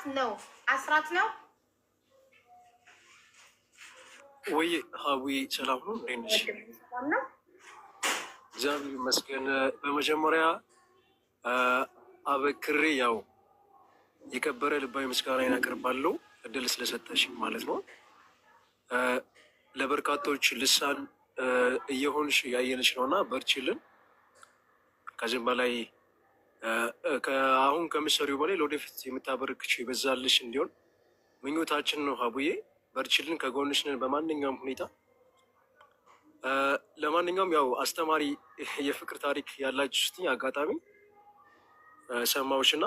አስራት ነው። አስራት ነው ወይ? ሀዊ ሰላም ነው። እንዴት ነሽ? እግዚአብሔር ይመስገን። በመጀመሪያ አበክሬ ያው የከበረ ልባዊ ምስጋናዬን አቀርባለሁ እድል ስለሰጠሽ ማለት ነው። ለበርካቶች ልሳን እየሆንሽ ያየንሽ ነውና በርችልን ከዚህም በላይ አሁን ከምሰሪው በላይ ለወደፊት የምታበረክችው ይበዛልሽ እንዲሆን ምኞታችን ነው። አቡዬ በርችልን፣ ከጎንሽ ነን በማንኛውም ሁኔታ። ለማንኛውም ያው አስተማሪ የፍቅር ታሪክ ያላችሁ አጋጣሚ ሰማዎች እና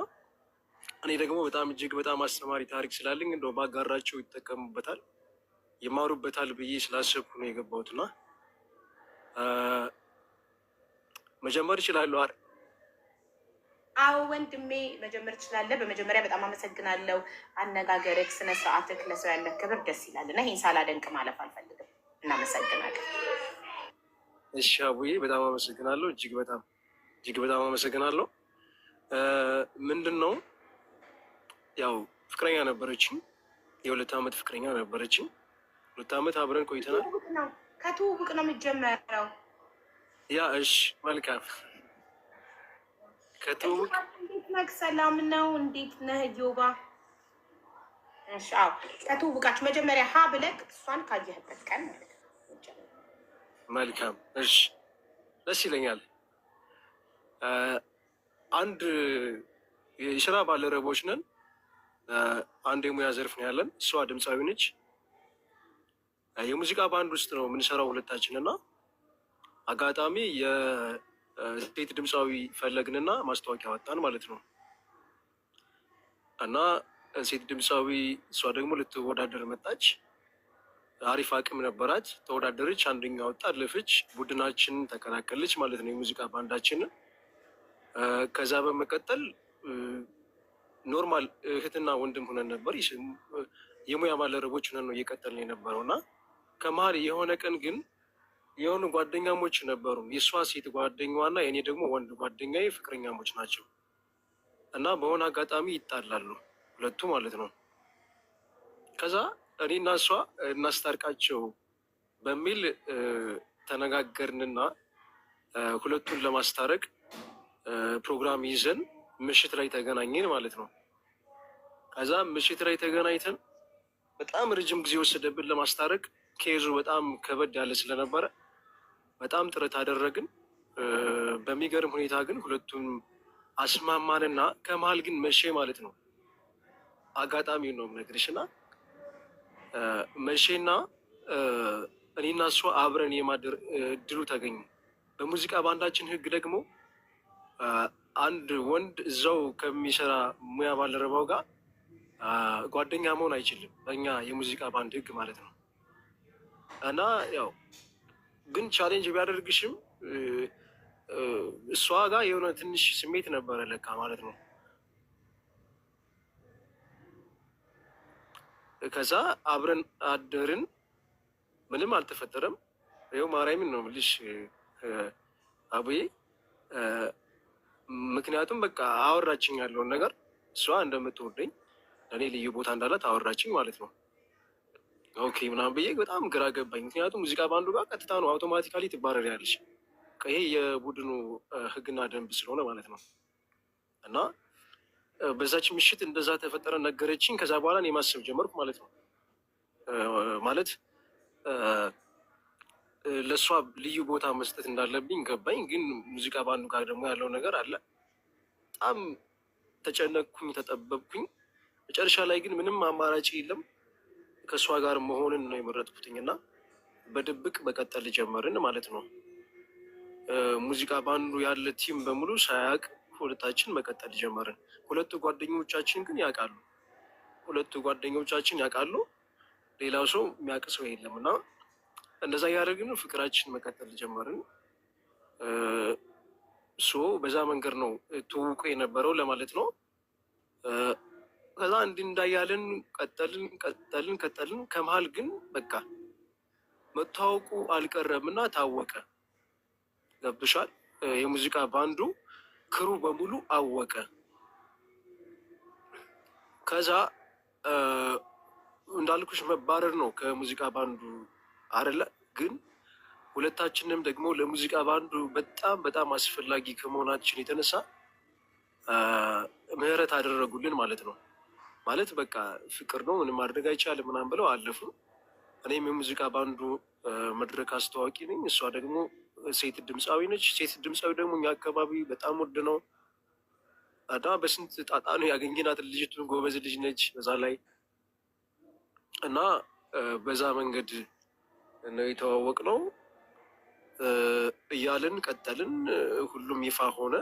እኔ ደግሞ በጣም እጅግ በጣም አስተማሪ ታሪክ ስላለኝ እንደ ባጋራቸው ይጠቀሙበታል፣ ይማሩበታል ብዬ ስላሰብኩ ነው የገባሁት እና መጀመር ይችላሉ። አዎ ወንድሜ መጀመር ትችላለህ። በመጀመሪያ በጣም አመሰግናለሁ። አነጋገርህ፣ ስነ ስርዓትህ፣ ለሰው ያለህ ክብር ደስ ይላል እና ይህን ሳላደንቅ ማለፍ አልፈልግም። እናመሰግናለን። እሺ አቡዬ በጣም አመሰግናለሁ። እጅግ በጣም እጅግ በጣም አመሰግናለሁ። ምንድን ነው ያው ፍቅረኛ ነበረችኝ፣ የሁለት ዓመት ፍቅረኛ ነበረችኝ። ሁለት ዓመት አብረን ቆይተናል። ከትውውቅ ነው የምጀመረው። ያ እሺ መልካም ከትውውቅ እንዴት ነህ? ሰላም ነው? እንዴት ነህ ዮባ? ከትውውቃችሁ መጀመሪያ ሀ ብለህ እሷን ካየህበት ቀን መልካም። እሺ፣ ደስ ይለኛል። አንድ የስራ ባልደረቦች ነን። አንድ የሙያ ዘርፍ ነው ያለን። እሷ ድምፃዊ ነች። የሙዚቃ ባንድ ውስጥ ነው የምንሰራው ሁለታችን እና አጋጣሚ ሴት ድምፃዊ ፈለግንና ማስታወቂያ ወጣን ማለት ነው። እና ሴት ድምፃዊ እሷ ደግሞ ልትወዳደር መጣች። አሪፍ አቅም ነበራት። ተወዳደረች፣ አንደኛ ወጣ፣ አለፈች። ቡድናችንን ተቀላቀለች ማለት ነው፣ የሙዚቃ ባንዳችንን። ከዛ በመቀጠል ኖርማል እህትና ወንድም ሆነን ነበር፣ የሙያ ባልደረቦች ሆነን ነው እየቀጠልን የነበረው እና ከመሀል የሆነ ቀን ግን የሆኑ ጓደኛሞች ነበሩ። የእሷ ሴት ጓደኛዋና የእኔ ደግሞ ወንድ ጓደኛዬ ፍቅረኛሞች ናቸው እና በሆነ አጋጣሚ ይጣላሉ ሁለቱ ማለት ነው። ከዛ እኔ እና እሷ እናስታርቃቸው በሚል ተነጋገርንና ሁለቱን ለማስታረቅ ፕሮግራም ይዘን ምሽት ላይ ተገናኘን ማለት ነው። ከዛ ምሽት ላይ ተገናኝተን በጣም ረጅም ጊዜ ወሰደብን ለማስታረቅ። ኬዙ በጣም ከበድ ያለ ስለነበረ በጣም ጥረት አደረግን። በሚገርም ሁኔታ ግን ሁለቱን አስማማንና ከመሀል ግን መቼ ማለት ነው አጋጣሚውን ነው የምነግርሽ እና መቼና እኔና እሷ አብረን የማደር እድሉ ተገኘ። በሙዚቃ ባንዳችን ህግ ደግሞ አንድ ወንድ እዛው ከሚሰራ ሙያ ባልደረባው ጋር ጓደኛ መሆን አይችልም። በእኛ የሙዚቃ ባንድ ህግ ማለት ነው እና ያው ግን ቻሌንጅ ቢያደርግሽም እሷ ጋር የሆነ ትንሽ ስሜት ነበረ ለካ ማለት ነው። ከዛ አብረን አደርን፣ ምንም አልተፈጠረም። ይኸው ማርያምን ነው የምልሽ አቡዬ። ምክንያቱም በቃ አወራችኝ ያለውን ነገር እሷ እንደምትወደኝ እኔ ልዩ ቦታ እንዳላት አወራችኝ ማለት ነው። ኦኬ ምናምን ብዬ በጣም ግራ ገባኝ። ምክንያቱም ሙዚቃ ባንዱ ጋር ቀጥታ ነው አውቶማቲካሊ ትባረር ያለች ይሄ የቡድኑ ህግና ደንብ ስለሆነ ማለት ነው። እና በዛች ምሽት እንደዛ ተፈጠረ ነገረችኝ። ከዛ በኋላ እኔ ማሰብ ጀመርኩ ማለት ነው። ማለት ለእሷ ልዩ ቦታ መስጠት እንዳለብኝ ገባኝ። ግን ሙዚቃ ባንዱ ጋር ደግሞ ያለው ነገር አለ። በጣም ተጨነቅኩኝ፣ ተጠበብኩኝ። መጨረሻ ላይ ግን ምንም አማራጭ የለም ከእሷ ጋር መሆንን ነው የመረጥኩትኝ እና በድብቅ መቀጠል ጀመርን ማለት ነው። ሙዚቃ ባንዱ ያለ ቲም በሙሉ ሳያውቅ ሁለታችን መቀጠል ጀመርን። ሁለቱ ጓደኞቻችን ግን ያውቃሉ። ሁለቱ ጓደኞቻችን ያውቃሉ። ሌላው ሰው የሚያውቅ ሰው የለም እና እንደዛ እያደረግን ፍቅራችን መቀጠል ጀመርን። ሶ በዛ መንገድ ነው ትውውቁ የነበረው ለማለት ነው። ከዛ እንዲህ እንዳያለን ቀጠልን ቀጠልን ቀጠልን። ከመሀል ግን በቃ መታወቁ አልቀረም እና ታወቀ። ገብሻል? የሙዚቃ ባንዱ ክሩ በሙሉ አወቀ። ከዛ እንዳልኩሽ መባረር ነው ከሙዚቃ ባንዱ አይደለ ግን ሁለታችንም ደግሞ ለሙዚቃ ባንዱ በጣም በጣም አስፈላጊ ከመሆናችን የተነሳ ምህረት አደረጉልን ማለት ነው። ማለት በቃ ፍቅር ነው ምንም ማድረግ አይቻልም ምናምን ብለው አለፉ። እኔም የሙዚቃ ባንዱ መድረክ አስተዋዋቂ ነኝ፣ እሷ ደግሞ ሴት ድምፃዊ ነች። ሴት ድምፃዊ ደግሞ እኛ አካባቢ በጣም ውድ ነው እና በስንት ጣጣ ነው ያገኘናት። ልጅቱን ጎበዝ ልጅ ነች በዛ ላይ እና በዛ መንገድ ነው የተዋወቅ ነው እያልን ቀጠልን። ሁሉም ይፋ ሆነ።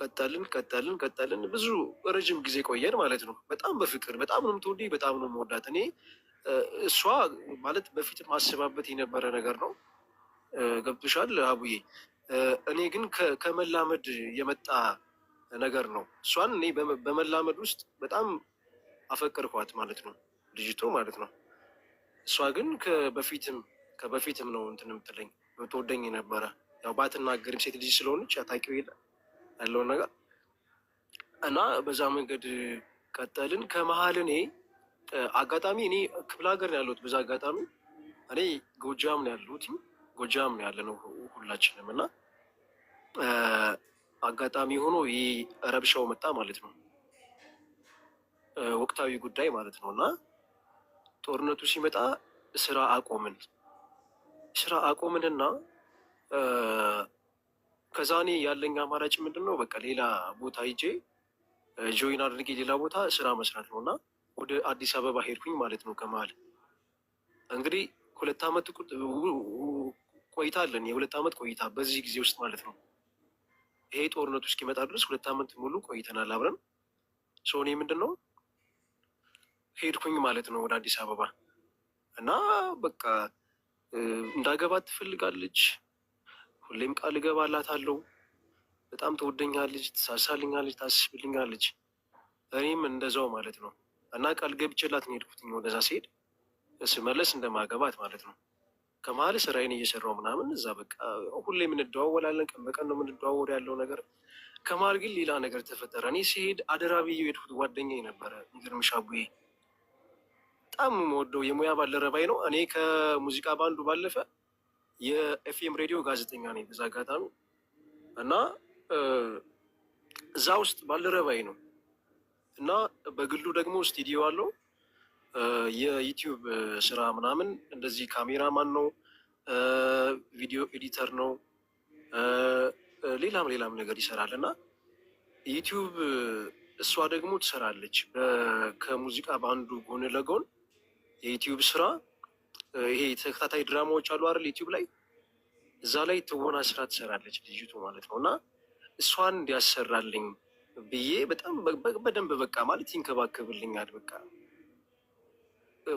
ቀጠልን ቀጠልን ቀጠልን ብዙ ረጅም ጊዜ ቆየን ማለት ነው። በጣም በፍቅር በጣም ነው የምትወደኝ፣ በጣም ነው የምወዳት እኔ እሷ ማለት በፊት ማስባበት የነበረ ነገር ነው። ገብቶሻል አቡዬ? እኔ ግን ከመላመድ የመጣ ነገር ነው። እሷን እኔ በመላመድ ውስጥ በጣም አፈቅርኳት ማለት ነው፣ ልጅቱ ማለት ነው። እሷ ግን ከበፊትም ከበፊትም ነው እንትን የምትለኝ የምትወደኝ ነበረ። ያው ባትናገርም ሴት ልጅ ስለሆነች ያታውቂው የለ ያለውን ነገር እና በዛ መንገድ ቀጠልን። ከመሀል እኔ አጋጣሚ እኔ ክፍለ ሀገር ነው ያለሁት። በዛ አጋጣሚ እኔ ጎጃም ነው ያለሁት። ጎጃም ነው ያለ ነው ሁላችንም እና አጋጣሚ ሆኖ ይህ ረብሻው መጣ ማለት ነው። ወቅታዊ ጉዳይ ማለት ነው እና ጦርነቱ ሲመጣ ስራ አቆምን። ስራ አቆምንና ከዛ እኔ ያለኝ አማራጭ ምንድን ነው? በቃ ሌላ ቦታ ሄጄ ጆይን አድርጌ ሌላ ቦታ ስራ መስራት ነው እና ወደ አዲስ አበባ ሄድኩኝ ማለት ነው። ከመሀል እንግዲህ ሁለት ዓመት ቆይታ አለን። የሁለት ዓመት ቆይታ በዚህ ጊዜ ውስጥ ማለት ነው ይሄ ጦርነቱ እስኪመጣ ድረስ ሁለት ዓመት ሙሉ ቆይተናል አብረን። ሰው እኔ ምንድን ነው ሄድኩኝ ማለት ነው ወደ አዲስ አበባ እና በቃ እንዳገባት ትፈልጋለች ሁሌም ቃል እገባላታለሁ። በጣም ትወደኛለች፣ ትሳሳልኛለች፣ ታስብልኛለች። እኔም እንደዛው ማለት ነው እና ቃል ገብቼላት ነው የሄድኩትኝ ወደዛ ሲሄድ ስመለስ እንደማገባት ማለት ነው። ከመሀል ስራዬን እየሰራው ምናምን እዛ በቃ ሁሌ የምንደዋወላለን፣ ቀን በቀን ነው የምንደዋወል ያለው ነገር። ከመሀል ግን ሌላ ነገር ተፈጠረ። እኔ ሲሄድ አደራ ብዬ የሄድኩት ጓደኛ ነበረ ሚገርምሽ ቡዬ፣ በጣም የምወደው የሙያ ባልደረባዬ ነው። እኔ ከሙዚቃ ባንዱ ባለፈ የኤፍኤም ሬዲዮ ጋዜጠኛ ነኝ በዛ አጋጣሚ እና እዛ ውስጥ ባልደረባዬ ነው እና በግሉ ደግሞ ስቱዲዮ አለው የዩቲዩብ ስራ ምናምን እንደዚህ ካሜራማን ነው፣ ቪዲዮ ኤዲተር ነው፣ ሌላም ሌላም ነገር ይሰራል እና ዩቲዩብ እሷ ደግሞ ትሰራለች ከሙዚቃ በአንዱ ጎን ለጎን የዩቲዩብ ስራ ይሄ ተከታታይ ድራማዎች አሉ አይደል ዩቲዩብ ላይ እዛ ላይ ትወና ስራ ትሰራለች ልጅቱ ማለት ነው። እና እሷን እንዲያሰራልኝ ብዬ በጣም በደንብ በቃ ማለት ይንከባከብልኛል በቃ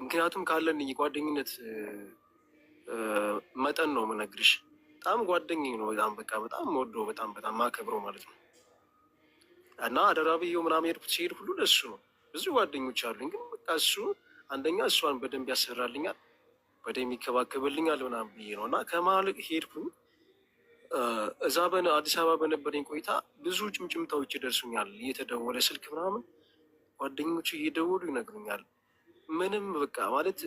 ምክንያቱም ካለን ጓደኝነት መጠን ነው የምነግርሽ። በጣም ጓደኝ ነው በጣም በቃ በጣም ወዶ በጣም በጣም ማከብረው ማለት ነው እና አደራብየው ምናምን ሄድኩት ሲሄድ ሁሉ ለሱ ነው። ብዙ ጓደኞች አሉኝ፣ ግን በቃ እሱ አንደኛ እሷን በደንብ ያሰራልኛል ወደ ይከባከብልኛል ምናምን ብዬ ነው እና ከመሀል ሄድኩኝ። እዛ አዲስ አበባ በነበረኝ ቆይታ ብዙ ጭምጭምታዎች ይደርሱኛል። እየተደወለ ስልክ ምናምን ጓደኞች እየደወሉ ይነግሩኛል። ምንም በቃ ማለት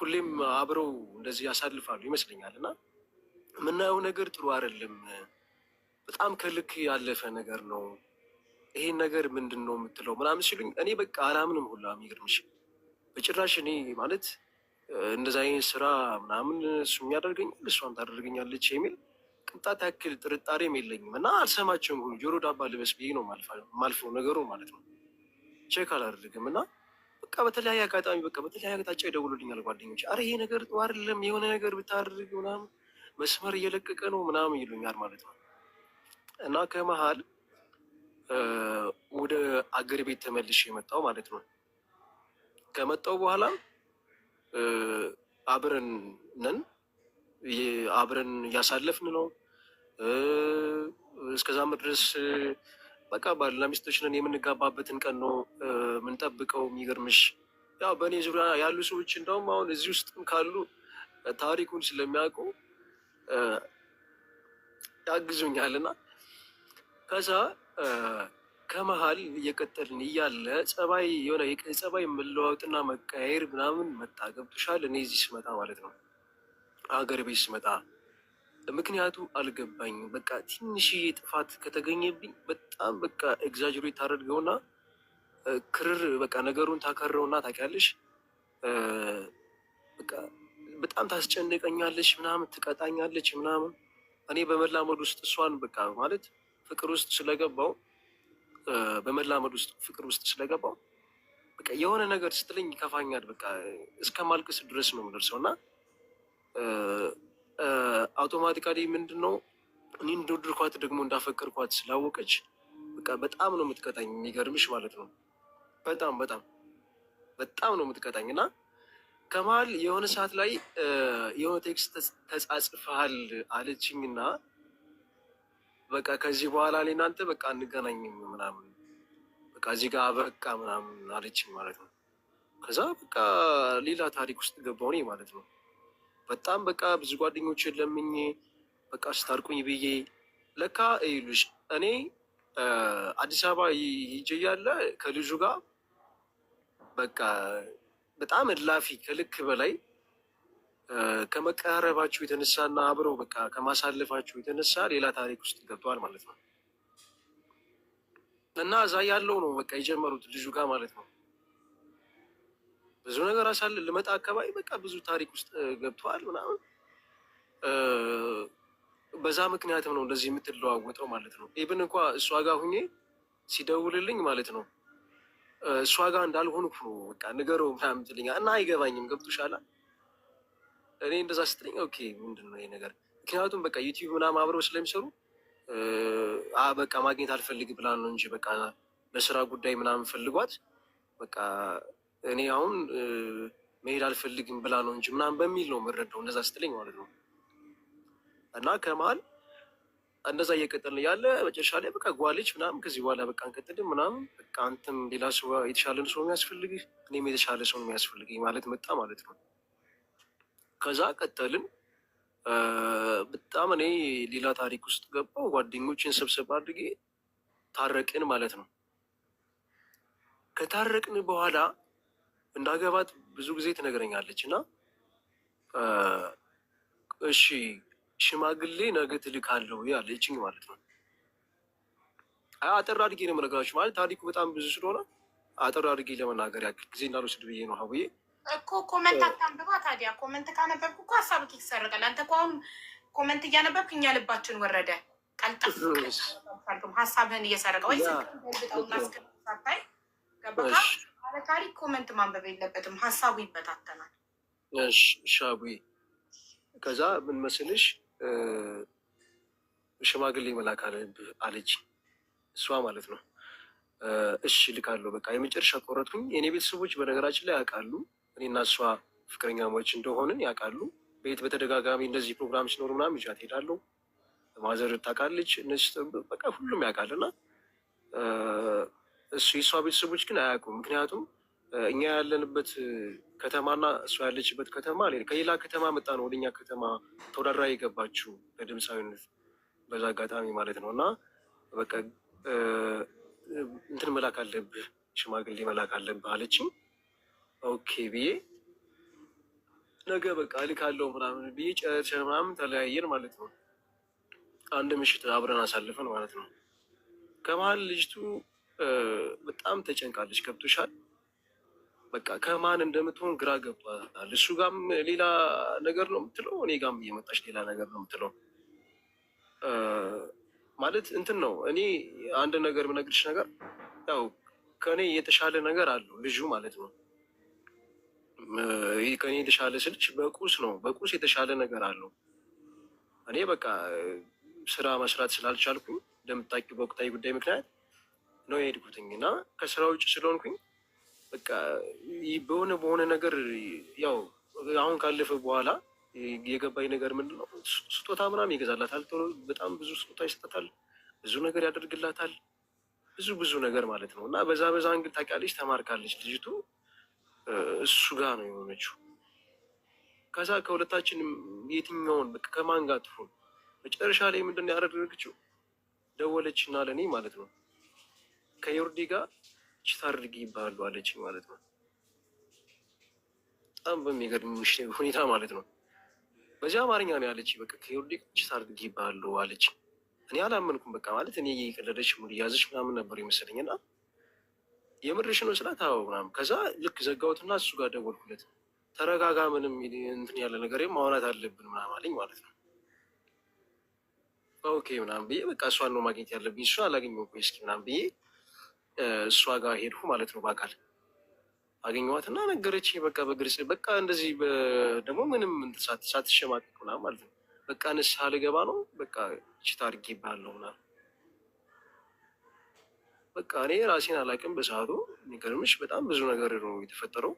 ሁሌም አብረው እንደዚህ ያሳልፋሉ ይመስለኛል እና የምናየው ነገር ጥሩ አይደለም፣ በጣም ከልክ ያለፈ ነገር ነው። ይሄን ነገር ምንድን ነው የምትለው ምናምን ሲሉኝ እኔ በቃ አላምንም ሁላ የሚገርምሽ በጭራሽ እኔ ማለት እንደዛ አይነት ስራ ምናምን እሱ የሚያደርገኛል እሷም ታደርገኛለች የሚል ቅንጣት ያክል ጥርጣሬም የለኝም እና አልሰማቸውም ሆኑ ጆሮ ዳባ ልበስ ብዬ ነው ማልፈው ነገሩ ማለት ነው። ቼክ አላደርግም እና በቃ በተለያየ አጋጣሚ በቃ በተለያየ አቅጣጫ ይደውሉልኛል ጓደኞች፣ አረ ይሄ ነገር ጥሩ አይደለም የሆነ ነገር ብታደርግ ምናምን መስመር እየለቀቀ ነው ምናምን ይሉኛል ማለት ነው እና ከመሀል ወደ አገር ቤት ተመልሼ የመጣው ማለት ነው። ከመጣው በኋላ አብረን ነን፣ አብረን እያሳለፍን ነው። እስከዛ ድረስ በቃ ባልና ሚስቶች ነን። የምንጋባበትን ቀን ነው የምንጠብቀው። የሚገርምሽ ያው በእኔ ዙሪያ ያሉ ሰዎች እንደውም አሁን እዚህ ውስጥም ካሉ ታሪኩን ስለሚያውቁ ያግዙኛልና ከዛ ከመሀል እየቀጠልን እያለ ጸባይ የሆነ የጸባይ መለዋወጥና መቀያየር ምናምን መጣ። ገብቶሻል? እኔ እዚህ ስመጣ ማለት ነው አገር ቤት ስመጣ ምክንያቱ አልገባኝም። በቃ ትንሽ ጥፋት ከተገኘብኝ በጣም በቃ ኤግዛጅሮ የታደርገውና ክርር በቃ ነገሩን ታከረውና ታውቂያለሽ፣ በቃ በጣም ታስጨንቀኛለች ምናምን ትቀጣኛለች ምናምን። እኔ በመላመድ ውስጥ እሷን በቃ ማለት ፍቅር ውስጥ ስለገባው በመላመድ ውስጥ ፍቅር ውስጥ ስለገባው በቃ የሆነ ነገር ስትለኝ ይከፋኛል። በቃ እስከ ማልቅስ ድረስ ነው የምደርሰው እና አውቶማቲካሊ ምንድን ነው እኔ እንደወደድኳት ደግሞ እንዳፈቀርኳት ስላወቀች በቃ በጣም ነው የምትቀጣኝ። የሚገርምሽ ማለት ነው በጣም በጣም በጣም ነው የምትቀጣኝ እና ከመሀል የሆነ ሰዓት ላይ የሆነ ቴክስት ተጻጽፈሃል አለችኝ እና በቃ ከዚህ በኋላ ላይ እናንተ በቃ አንገናኝም ምናምን በቃ እዚህ ጋር በቃ ምናምን አለችኝ ማለት ነው። ከዛ በቃ ሌላ ታሪክ ውስጥ ገባሁ እኔ ማለት ነው። በጣም በቃ ብዙ ጓደኞችን ለምኝ በቃ ስታርቁኝ ብዬ ለካ ይሉሽ እኔ አዲስ አበባ ሂጄ እያለ ከልጁ ጋር በቃ በጣም እላፊ ከልክ በላይ ከመቀራረባችሁ የተነሳና አብረው በቃ ከማሳለፋችሁ የተነሳ ሌላ ታሪክ ውስጥ ገብተዋል ማለት ነው። እና እዛ ያለው ነው በቃ የጀመሩት ልጁ ጋር ማለት ነው። ብዙ ነገር አሳለ ልመጣ አካባቢ በቃ ብዙ ታሪክ ውስጥ ገብተዋል ምናምን። በዛ ምክንያትም ነው እንደዚህ የምትለዋወጠው ማለት ነው። ኢብን እንኳ እሷ ጋር ሁኜ ሲደውልልኝ ማለት ነው እሷ ጋር እንዳልሆንኩ ነው በቃ ንገረው ምናምን ትልኛ እና አይገባኝም። ገብቶሻል እኔ እንደዛ ስትለኝ ኦኬ ምንድን ነው ይሄ ነገር? ምክንያቱም በቃ ዩቲዩብ ምናምን አብረው ስለሚሰሩ በቃ ማግኘት አልፈልግ ብላ ነው እንጂ በቃ በስራ ጉዳይ ምናምን ፈልጓት በቃ እኔ አሁን መሄድ አልፈልግም ብላ ነው እንጂ ምናምን በሚል ነው የምረዳው። እንደዛ ስትለኝ ማለት ነው። እና ከመሀል እንደዛ እየቀጠልን ያለ መጨረሻ ላይ በቃ ጓልጅ ምናምን ከዚህ በኋላ በቃ እንቀጥልም ምናምን በቃ አንተም ሌላ ሰው የተሻለን ሰው የሚያስፈልግህ እኔም የተሻለ ሰው የሚያስፈልግኝ ማለት መጣ ማለት ነው። ከዛ ቀጠልን። በጣም እኔ ሌላ ታሪክ ውስጥ ገባው። ጓደኞችን ሰብሰብ አድርጌ ታረቅን ማለት ነው። ከታረቅን በኋላ እንዳገባት ብዙ ጊዜ ትነግረኛለች እና እሺ ሽማግሌ ነገ ትልካለሁ ያለችኝ ማለት ነው። አጠር አድጌ ነው የምነግራችሁ ማለት ታሪኩ በጣም ብዙ ስለሆነ አጠር አድጌ ለመናገር ያክል ጊዜ እንዳልወስድ ብዬ ነው ሀብዬ እኮ ኮመንት አታንብባ ታዲያ። ኮመንት ካነበብኩ እኮ ሀሳብ ይሰርቃል። አንተ እኮ አሁን ኮመንት እያነበብክ እኛ ልባችን ወረደ። ቀልጠፍ ሀሳብህን እየሰረቀ ወይ ስጠውና ገባ። ገባካ። ኮመንት ማንበብ የለበትም ሀሳቡ ይበታተናል። ሻዊ ከዛ ምን መስልሽ ሽማግሌ መላክ አለች እሷ ማለት ነው። እሺ ልካለሁ፣ በቃ የመጨረሻ ቆረጥኩኝ። የእኔ ቤተሰቦች በነገራችን ላይ ያውቃሉ እኔና እሷ ፍቅረኛሞች እንደሆንን ያውቃሉ። ቤት በተደጋጋሚ እንደዚህ ፕሮግራም ሲኖር ምናምን ይዣት ሄዳሉ። ማዘር ታውቃለች፣ በቃ ሁሉም ያውቃል። እና እሱ የእሷ ቤተሰቦች ግን አያውቁም። ምክንያቱም እኛ ያለንበት ከተማና እሷ ያለችበት ከተማ ከሌላ ከተማ መጣ ነው ወደኛ ከተማ ተወዳድራ የገባችው በድምፃዊነት በዛ አጋጣሚ ማለት ነው እና በቃ እንትን መላክ አለብህ ሽማግሌ መላክ አለብህ አለችኝ። ኦኬ ብዬ ነገ በቃ እልካለሁ ምናምን ብዬ ጨረሰ ምናምን ተለያየን ማለት ነው። አንድ ምሽት አብረን አሳልፈን ማለት ነው። ከመሀል ልጅቱ በጣም ተጨንቃለች። ገብቶሻል? በቃ ከማን እንደምትሆን ግራ ገብቷታል። እሱ ጋም ሌላ ነገር ነው የምትለው፣ እኔ ጋም እየመጣች ሌላ ነገር ነው የምትለው። ማለት እንትን ነው። እኔ አንድ ነገር የምነግርሽ ነገር ያው ከእኔ የተሻለ ነገር አለው ልጁ ማለት ነው። ከኔ የተሻለ ስልች በቁስ ነው። በቁስ የተሻለ ነገር አለው። እኔ በቃ ስራ መስራት ስላልቻልኩኝ እንደምታውቂው በወቅታዊ ጉዳይ ምክንያት ነው የሄድኩትኝ እና ከስራ ውጭ ስለሆንኩኝ በቃ በሆነ በሆነ ነገር ያው አሁን ካለፈ በኋላ የገባኝ ነገር ምንድነው ስጦታ ምናምን ይገዛላታል። በጣም ብዙ ስጦታ ይሰጣታል። ብዙ ነገር ያደርግላታል። ብዙ ብዙ ነገር ማለት ነው እና በዛ በዛ እንግዲህ ታውቂያለሽ፣ ተማርካለች ልጅቱ እሱ ጋር ነው የሆነችው። ከዛ ከሁለታችንም የትኛውን ከማን ጋር ትሆን? መጨረሻ ላይ ምንድን ነው ያደረገችው? ደወለች እና ለእኔ ማለት ነው ከዮርዲ ጋር ችት ይባሉ አለች ማለት ነው። በጣም በሚገርም ሁኔታ ማለት ነው። በዚህ አማርኛ ነው ያለች። በቃ ከዮርዲ ጋር ይባሉ አለች። እኔ አላመንኩም። በቃ ማለት እኔ እየቀለደች ሙድ እያዘች ምናምን ነበር ይመስለኝና የምርሽ ነው ስላት አዎ ምናምን። ከዛ ልክ ዘጋሁትና እሱ ጋር ደወልኩለት። ተረጋጋ፣ ምንም እንትን ያለ ነገር ማውራት አለብን ምናምን አለኝ ማለት ነው። ኦኬ ምናምን ብዬ በቃ እሷን ነው ማግኘት ያለብኝ፣ እሷ አላገኘ እስኪ ምናምን ብዬ እሷ ጋር ሄድኩ ማለት ነው። በአካል አገኘኋት እና ነገረች በቃ በግልጽ በቃ እንደዚህ ደግሞ ምንም ሳትሸማቀቅ ምናምን ማለት ነው። በቃ ንስሐ ልገባ ነው በቃ ችታ አድርጌ ባለው ምናምን በቃ እኔ ራሴን አላቅም። በሰዓቱ የሚገርምሽ በጣም ብዙ ነገር ነው የተፈጠረው።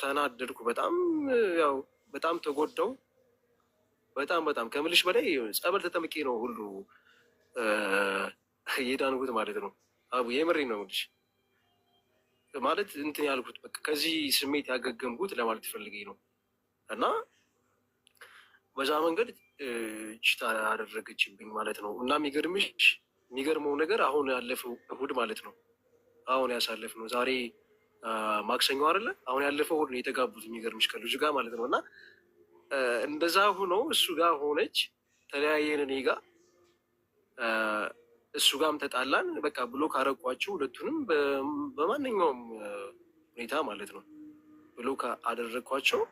ተናደድኩ በጣም ያው በጣም ተጎዳው። በጣም በጣም ከምልሽ በላይ ጸበል ተጠምቄ ነው ሁሉ የዳንጉት ማለት ነው። አቡ የምሬ ነው ምልሽ ማለት እንትን ያልኩት በቃ ከዚህ ስሜት ያገገምኩት ለማለት ፈልጌ ነው። እና በዛ መንገድ ችታ አደረገችብኝ ማለት ነው እና የሚገርምሽ የሚገርመው ነገር አሁን ያለፈው እሁድ ማለት ነው። አሁን ያሳለፍ ነው ዛሬ ማክሰኞ አይደለ? አሁን ያለፈው እሁድ ነው የተጋቡት። የሚገርምሽ ከልጁ ጋር ማለት ነው። እና እንደዛ ሆኖ እሱ ጋር ሆነች፣ ተለያየን። እኔ ጋ እሱ ጋም ተጣላን። በቃ ብሎ ካረቋቸው ሁለቱንም በማንኛውም ሁኔታ ማለት ነው ብሎ አደረግኳቸው።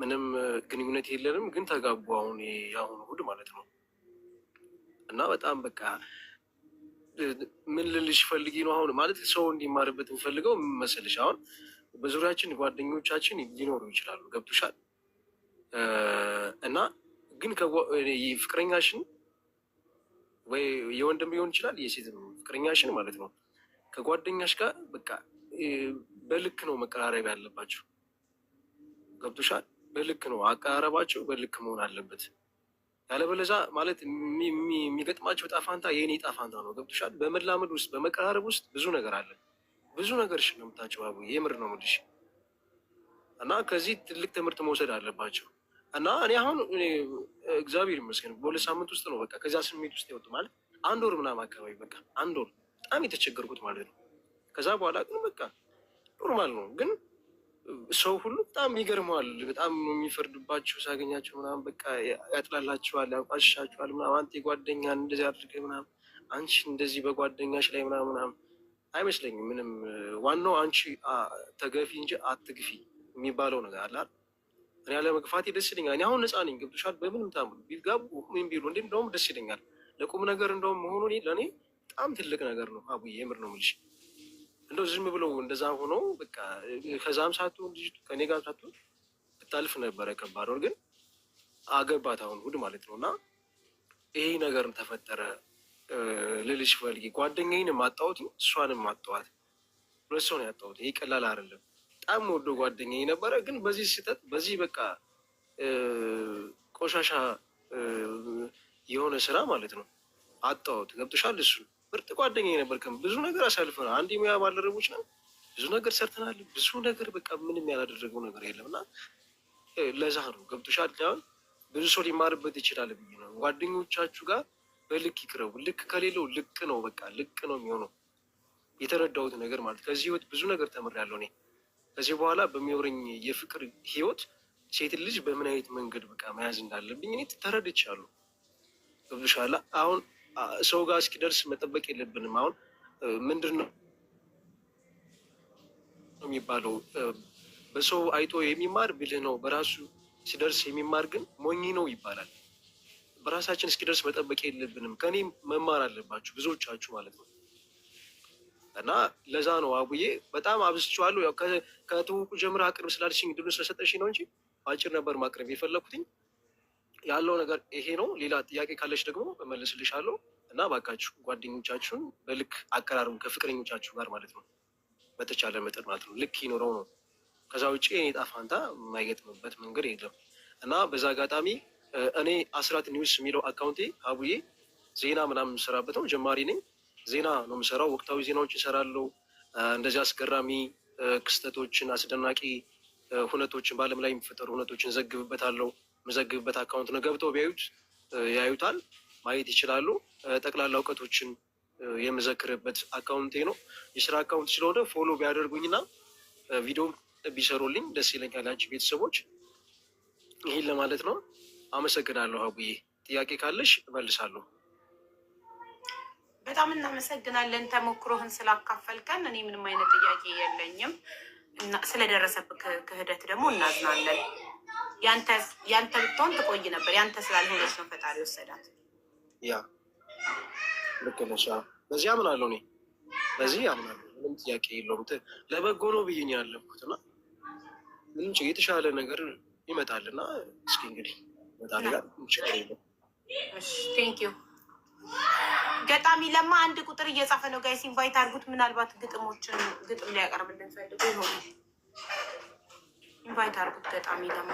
ምንም ግንኙነት የለንም፣ ግን ተጋቡ። አሁን አሁን እሁድ ማለት ነው። እና በጣም በቃ ምን ልልሽ ፈልጊ ነው አሁን ማለት ሰው እንዲማርበት የምፈልገው መሰልሽ፣ አሁን በዙሪያችን ጓደኞቻችን ሊኖሩ ይችላሉ። ገብቶሻል እና ግን ፍቅረኛሽን ወይ የወንድም ሊሆን ይችላል የሴትም ፍቅረኛሽን ማለት ነው ከጓደኛሽ ጋር በቃ በልክ ነው መቀራረብ ያለባቸው። ገብቶሻል በልክ ነው አቀራረባቸው፣ በልክ መሆን አለበት። ያለበለዛ ማለት የሚገጥማቸው ጣፋንታ የኔ ጣፋንታ ነው። ገብቶሻል? በመላመድ ውስጥ በመቀራረብ ውስጥ ብዙ ነገር አለ። ብዙ ነገር ነው የምታቸው አቡ የምር ነው የምልሽ። እና ከዚህ ትልቅ ትምህርት መውሰድ አለባቸው። እና እኔ አሁን እግዚአብሔር ይመስገን በሁለት ሳምንት ውስጥ ነው በቃ ከዚያ ስሜት ውስጥ ይወጡ ማለት አንድ ወር ምናምን አካባቢ በቃ አንድ ወር በጣም የተቸገርኩት ማለት ነው። ከዛ በኋላ ግን በቃ ኖርማል ነው ግን ሰው ሁሉ በጣም ይገርመዋል። በጣም ነው የሚፈርድባቸው ሳገኛችሁ ምናምን በቃ ያጥላላቸዋል፣ ያንቋሽሻችኋል ምናምን አንተ የጓደኛ እንደዚህ አድርገ ምናምን አንቺ እንደዚህ በጓደኛሽ ላይ ምናምን ምናምን አይመስለኝም። ምንም ዋናው አንቺ ተገፊ እንጂ አትግፊ የሚባለው ነገር አለ። እኔ ያለ መግፋቴ ደስ ይለኛል። እኔ አሁን ነፃ ነኝ። ገብቶሻል። በምንም ታም ቢጋቡ ወይም ቢሉ እንደ እንደውም ደስ ይለኛል። ለቁም ነገር እንደውም መሆኑ ለእኔ በጣም ትልቅ ነገር ነው። አቡዬ የምር ነው የምልሽ እንደው ዝም ብለው እንደዛ ሆኖ በቃ ከዛም ሳትሆን ልጅቱ ከኔ ጋር ሳትሆን ብታልፍ ነበረ ከባድ ግን አገባት አሁን እሑድ ማለት ነው። እና ይሄ ነገር ተፈጠረ ልልሽ ፈልጊ ጓደኛዬንም ማጣወት እሷንም ማጣዋት ሁለት ሰው ነው ያጣሁት። ይሄ ቀላል አይደለም። በጣም ወዶ ጓደኛዬ ነበረ፣ ግን በዚህ ስህተት በዚህ በቃ ቆሻሻ የሆነ ስራ ማለት ነው አጣወት ገብቶሻል እሱ ምርጥ ጓደኛ ነበርከን። ብዙ ነገር አሳልፈናል። አንድ የሙያ ባልደረቦች ነን። ብዙ ነገር ሰርተናል። ብዙ ነገር በቃ ምንም ያላደረገው ነገር የለም እና ለዛ ነው ገብቶሻል። አሁን ብዙ ሰው ሊማርበት ይችላል ብዬ ነው። ጓደኞቻችሁ ጋር በልክ ይቅረቡ። ልክ ከሌለው ልቅ ነው በቃ ልቅ ነው የሚሆነው። የተረዳሁት ነገር ማለት ከዚህ ህይወት ብዙ ነገር ተምሬያለሁ እኔ ከዚህ በኋላ በሚኖረኝ የፍቅር ህይወት ሴት ልጅ በምን አይነት መንገድ በቃ መያዝ እንዳለብኝ እኔ ተረድቻለሁ። ገብቶሻል አሁን ሰው ጋር እስኪደርስ መጠበቅ የለብንም። አሁን ምንድን ነው የሚባለው? በሰው አይቶ የሚማር ብልህ ነው፣ በራሱ ሲደርስ የሚማር ግን ሞኝ ነው ይባላል። በራሳችን እስኪደርስ መጠበቅ የለብንም። ከኔ መማር አለባችሁ ብዙዎቻችሁ ማለት ነው። እና ለዛ ነው አቡዬ በጣም አብዝቼዋለሁ። ከትውውቁ ጀምሮ አቅርብ ስላልሽኝ ድሉ ስለሰጠሽ ነው እንጂ አጭር ነበር ማቅረብ የፈለኩትኝ። ያለው ነገር ይሄ ነው። ሌላ ጥያቄ ካለች ደግሞ እመልስልሻለሁ እና እባካችሁ ጓደኞቻችሁን በልክ አቀራርቡ ከፍቅረኞቻችሁ ጋር ማለት ነው፣ በተቻለ መጠን ማለት ነው። ልክ ይኖረው ነው። ከዛ ውጭ እኔ ጣፋንታ የማይገጥምበት መንገድ የለም እና በዛ አጋጣሚ እኔ አስራት ኒውስ የሚለው አካውንቴ አቡዬ ዜና ምናምን የምሰራበት ነው። ጀማሪ ነኝ። ዜና ነው የምሰራው። ወቅታዊ ዜናዎች እሰራለሁ። እንደዚህ አስገራሚ ክስተቶችን፣ አስደናቂ ሁነቶችን፣ በዓለም ላይ የሚፈጠሩ ሁነቶችን ዘግብበታለሁ። የምዘግብበት አካውንት ነው። ገብተው ቢያዩት ያዩታል፣ ማየት ይችላሉ። ጠቅላላ እውቀቶችን የምዘክርበት አካውንቴ ነው። የስራ አካውንት ስለሆነ ፎሎ ቢያደርጉኝና ቪዲዮ ቢሰሩልኝ ደስ ይለኛል። አንቺ ቤተሰቦች ይህን ለማለት ነው። አመሰግናለሁ። አቡዬ ጥያቄ ካለሽ እመልሳለሁ። በጣም እናመሰግናለን ተሞክሮህን ስላካፈልከን። እኔ ምንም አይነት ጥያቄ የለኝም እና ስለደረሰብህ ክህደት ደግሞ እናዝናለን። ያንተ ብትሆን ትቆይ ነበር። ያንተ ስላልሆነች ነው ፈጣሪ ወሰዳት። ያ ልክ ነሽ። በዚህ አምናለሁ እኔ በዚህ አምናለሁ። ምንም ጥያቄ የለውም። ለበጎ ነው ብዬ ነው እና ምንም የተሻለ ነገር ይመጣልና እስኪ እንግዲህ ገጣሚ ለማ አንድ ቁጥር እየጻፈ ነው። ጋይስ ኢንቫይት አድርጉት። ምናልባት ግጥሞችን ግጥም ሊያቀርብልን ፈልጎ ይሆናል። ኢንቫይት አድርጉት ገጣሚ ለማ